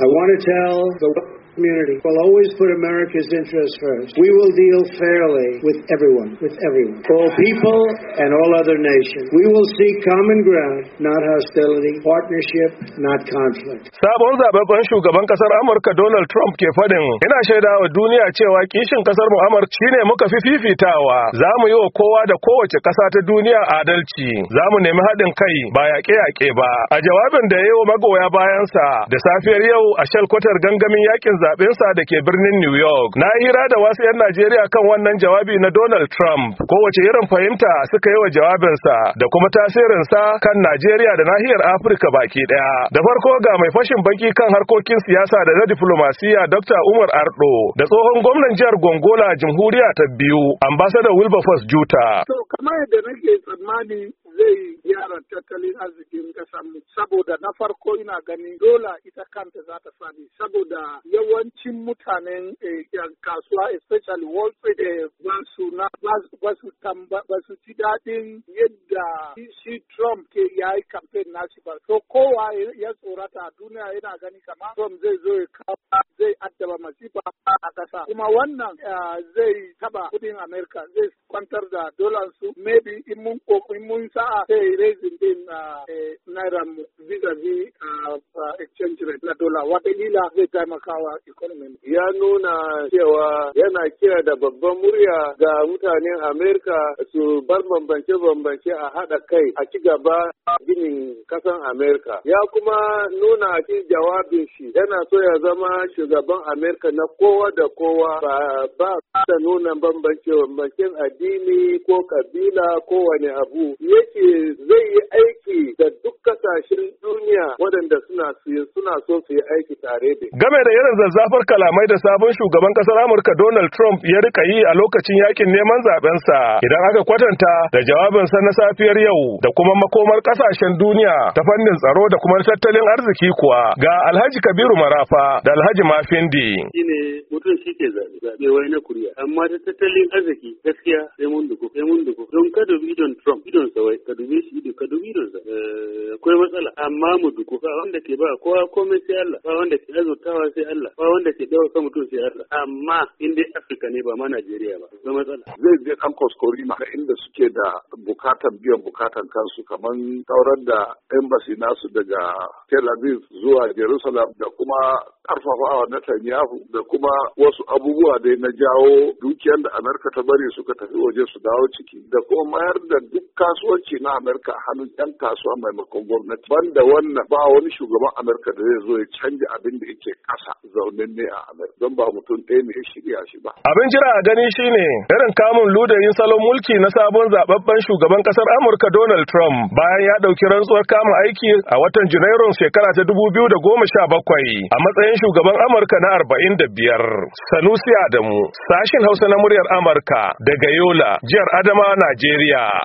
I want to tell the community will always put America's interests first. We will deal fairly with everyone, with everyone, all people and all other nations. We will seek common ground, not hostility, partnership, not conflict. Sabon zababben shugaban kasar Amurka Donald Trump ke faɗin, ina shaida wa duniya cewa kishin kasar mu Amurka shine muka fi fifitawa. Za mu yi wa kowa da kowace kasa ta duniya adalci. Za mu nemi haɗin kai ba yaƙe-yaƙe ba. A jawabin da ya yi wa magoya bayansa da safiyar yau a shalkwatar gangamin yakin zaɓensa da ke birnin New York. Na hira da wasu 'yan Najeriya kan wannan jawabi na Donald Trump, kowace irin fahimta suka yi wa jawabinsa da kuma tasirinsa kan Najeriya da nahiyar Afirka baki ɗaya. Da farko ga mai fashin baki kan harkokin siyasa da na diplomasiya Dr. Umar Ardo da tsohon gwamnan jihar Gongola jamhuriya ta biyu, ambassador Wilberforce Juta. So, kamar yadda nake tsammani zai gyara tattalin arzikin mu saboda na farko ina ganin dola ita kanta za ta sami. saboda yawancin mutanen eh, kasuwa especially wall street eh, ba su na ba su ba su ci daɗin yadda shi Trump ke yayi campaign nashi ba so kowa ya tsorata duniya yana gani kama Trump zai zo ya kawo kuma wannan eh, zai taba kudin Amerika zai kwantar da dolan su maybe in mun in mun sa'a sai raising din eh, eh, naira mu vis-a-vis exchange rate na dola watakila zai taimakawa economy ya nuna cewa yana kira da babban murya ga mutanen Amerika su bar bambance-bambance a haɗa kai a ci gaba ginin kasan Amerika. Ya kuma nuna a cikin jawabin shi yana so ya zama shugaban Amerika na kowa da kowa cewa ba da nuna bambance bambancin addini ko kabila ko wani abu yake zai yi aiki da duk kasashen duniya waɗanda suna suna so su yi aiki tare da game da irin zazzafar kalamai da sabon shugaban kasar Amurka Donald Trump ya rika yi a lokacin yakin neman zabensa idan aka kwatanta da jawabin sa na safiyar yau da kuma makomar kasashen duniya ta fannin tsaro da kuma tattalin arziki kuwa ga Alhaji Kabiru Marafa da Alhaji Mafindi shine mutum shike zabe wai na kuriya amma ta tattalin arziki gaskiya sai mun duku sai mun duku don kada don Trump idon sa wai ka dube shi idon ka dube sa eh, akwai matsala amma mu duku wanda ke ba ko komai sai Allah ba wanda ke azurtawa sai Allah ba wanda ke kan mutum sai Allah amma in dai Afirka ne ba ma Najeriya ba zama matsala. Zai je kan koskori ma inda suke da bukatan biyan bukatan kansu kamar tauran da embassy nasu daga Tel Aviv zuwa Jerusalem da kuma karfafawa na Tanyahu da kuma wasu abubuwa dai na jawo dukiyar da Amerika ta bari suka tafi waje su dawo ciki da kuma mayar da duk kasuwanci na Amerika hannun 'yan kasuwa maimakon gwamnati. Banda wannan ba wani shugaban shugaban amurka da zai zo ya canja abin da yake ƙasa zaunin ne a amurka don ba mutum ɗaya ne ya shirya shi ba abin jira a gani shine irin kamun ludayin salon mulki na sabon zababben shugaban ƙasar amurka donald trump bayan ya ɗauki rantsuwar kama aiki a watan janairun shekara ta dubu biyu da goma sha bakwai a matsayin shugaban amurka na arba'in da biyar sanusi adamu sashin hausa na muryar amurka daga yola jihar adama najeriya